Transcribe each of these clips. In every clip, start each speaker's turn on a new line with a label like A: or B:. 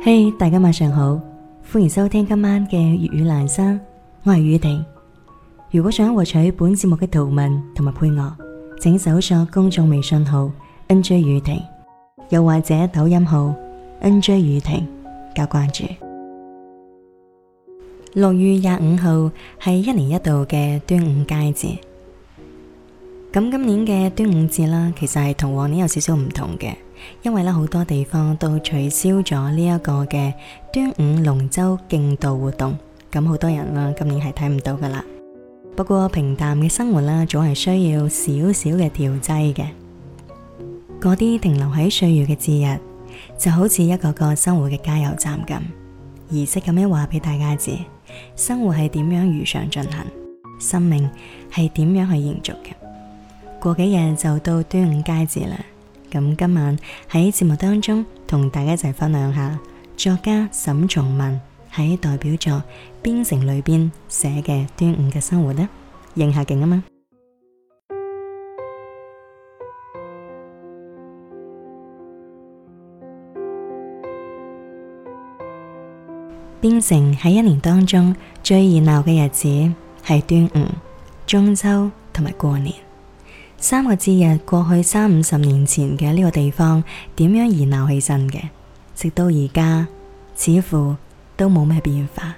A: 嘿，hey，大家晚上好，歡迎收聽今晚嘅粵語欄生，我係宇婷。如果想獲取本節目嘅圖文同埋配樂，請搜索公眾微信號 NJ 宇婷，又或者抖音號 NJ 宇婷，加關注。六月廿五號係一年一度嘅端午佳節。咁今年嘅端午節啦，其實係同往年有少少唔同嘅，因為咧好多地方都取消咗呢一個嘅端午龍舟競渡活動，咁好多人啦，今年係睇唔到噶啦。不過平淡嘅生活啦，總係需要少少嘅調劑嘅。嗰啲停留喺歲月嘅節日，就好似一個個生活嘅加油站咁，儀式咁樣話俾大家知，生活係點樣如常進行，生命係點樣去延續嘅。過幾日就到端午佳節啦，咁今晚喺節目當中同大家一齊分享下作家沈從文喺代表作《邊城》裏邊寫嘅端午嘅生活啦，應下景啊嘛！邊城喺一年當中最熱鬧嘅日子係端午、中秋同埋過年。三個節日過去三五十年前嘅呢個地方，點樣熱鬧起身嘅？直到而家，似乎都冇咩變化，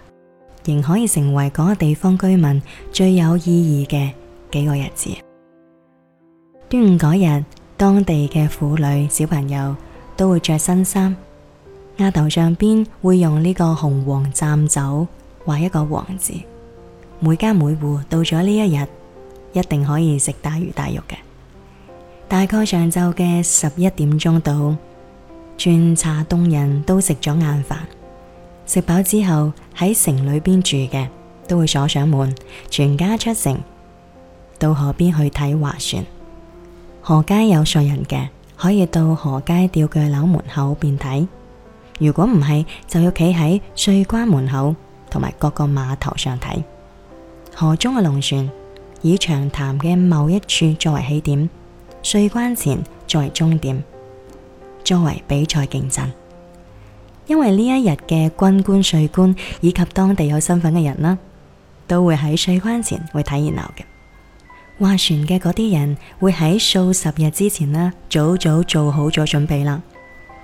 A: 仍可以成為嗰個地方居民最有意義嘅幾個日子。端午嗰日，當地嘅婦女、小朋友都會着新衫，額頭上邊會用呢個雄黃蘸酒畫一個王字。每家每戶到咗呢一日，一定可以食大魚大肉嘅。大概上晝嘅十一點鐘到，全茶峒人都食咗晏飯，食飽之後喺城裏邊住嘅都會鎖上門，全家出城到河邊去睇划船。河街有熟人嘅，可以到河街吊腳樓門口邊睇；如果唔係，就要企喺稅關門口同埋各個碼頭上睇河中嘅龍船。以長潭嘅某一處作為起點，稅關前作為終點，作為比賽競爭。因為呢一日嘅軍官、稅官以及當地有身份嘅人啦，都會喺稅關前會睇熱鬧嘅。划船嘅嗰啲人會喺數十日之前啦，早早做好咗準備啦，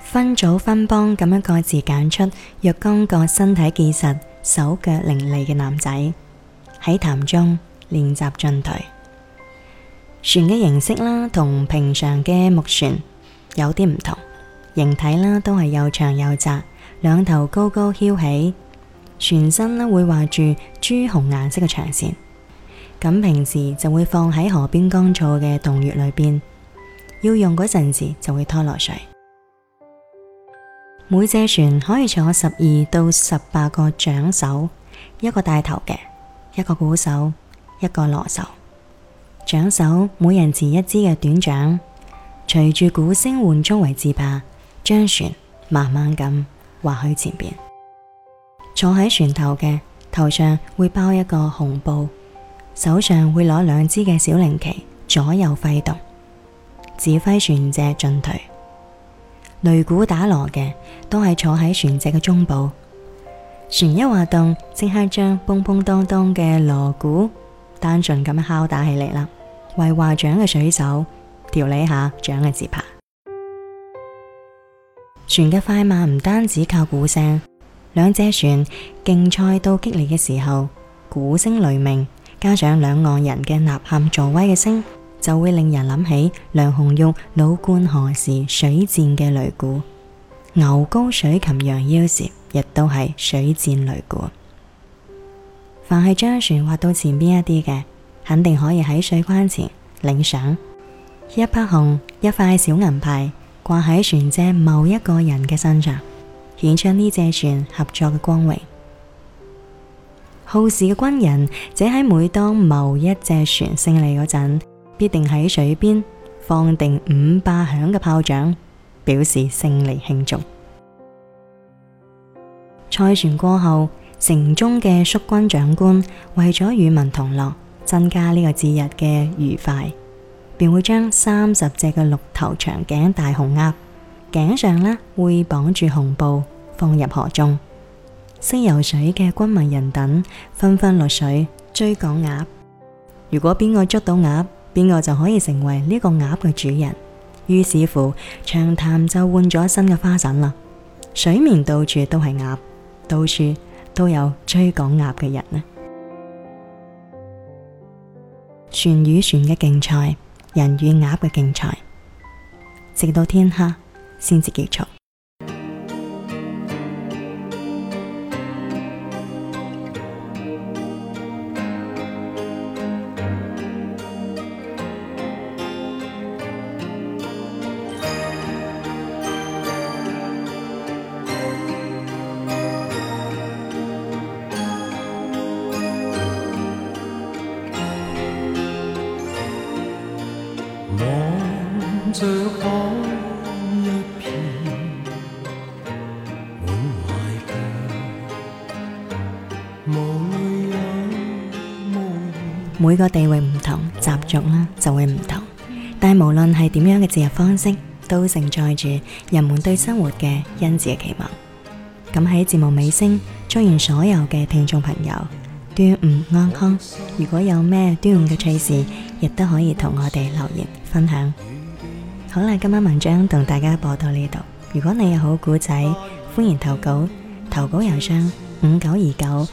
A: 分組分幫咁樣各自揀出若干個身體結實、手腳伶俐嘅男仔喺潭中。練習進退，船嘅形式啦，同平常嘅木船有啲唔同，形體啦都係又長又窄，兩頭高高翹起，船身啦會畫住朱紅顏色嘅長線。咁平時就會放喺河邊乾燥嘅洞穴裏邊，要用嗰陣時就會拖落水。每隻船可以坐十二到十八個槳手，一個帶頭嘅，一個鼓手。一個鑼手。槳手每人持一支嘅短槳，隨住鼓聲緩促為節拍，把將船慢慢咁劃去前邊。坐喺船頭嘅頭上會包一個紅布，手上會攞兩支嘅小令旗，左右揮動，指揮船隻進退。擂鼓打鑼嘅都係坐喺船隻嘅中部。船一劃動，即刻將砰砰噹噹嘅鑼鼓。單純咁敲打起嚟啦，為劃槳嘅水手調理下槳嘅節拍。 船嘅快慢唔單止靠鼓聲，兩隻船競賽到激烈嘅時候，鼓聲雷鳴，加上兩岸人嘅呐喊助威嘅聲，就會令人諗起梁紅玉老鸛河時水戰嘅擂鼓，牛皋水擒楊幺時亦都係水戰擂鼓。凡係將船劃到前邊一啲嘅，肯定可以喺稅關前領賞，一匹紅，一塊小銀牌掛喺船隻某一個人嘅身上，顯出呢隻船合作嘅光榮。好事嘅軍人，即喺每當某一隻船勝利嗰陣，必定喺水邊放定五百響嘅炮仗，表示勝利慶祝。賽船過後。城中嘅戍軍長官為咗與民同樂，增加呢個節日嘅愉快，便會將三十隻嘅綠頭長頸大雄鴨頸上啦，會綁住紅布放入河中。識游水嘅軍民人等紛紛落水追趕鴨。如果邊個捉到鴨，邊個就可以成為呢個鴨嘅主人。於是乎，長潭就換咗新嘅花粉啦。水面到處都係鴨，到處。都有追趕鴨嘅人呢。船與船嘅競賽，人與鴨嘅競賽，直到天黑先至結束。每個地域唔同，習俗啦就會唔同。但係無論係點樣嘅節日方式，都承載住人們對生活嘅殷切嘅期望。咁喺節目尾聲，祝願所有嘅聽眾朋友端午安康。如果有咩端午嘅趣事，亦都可以同我哋留言分享。好啦，今晚文章同大家播到呢度。如果你有好故仔，歡迎投稿，投稿郵箱五九二九。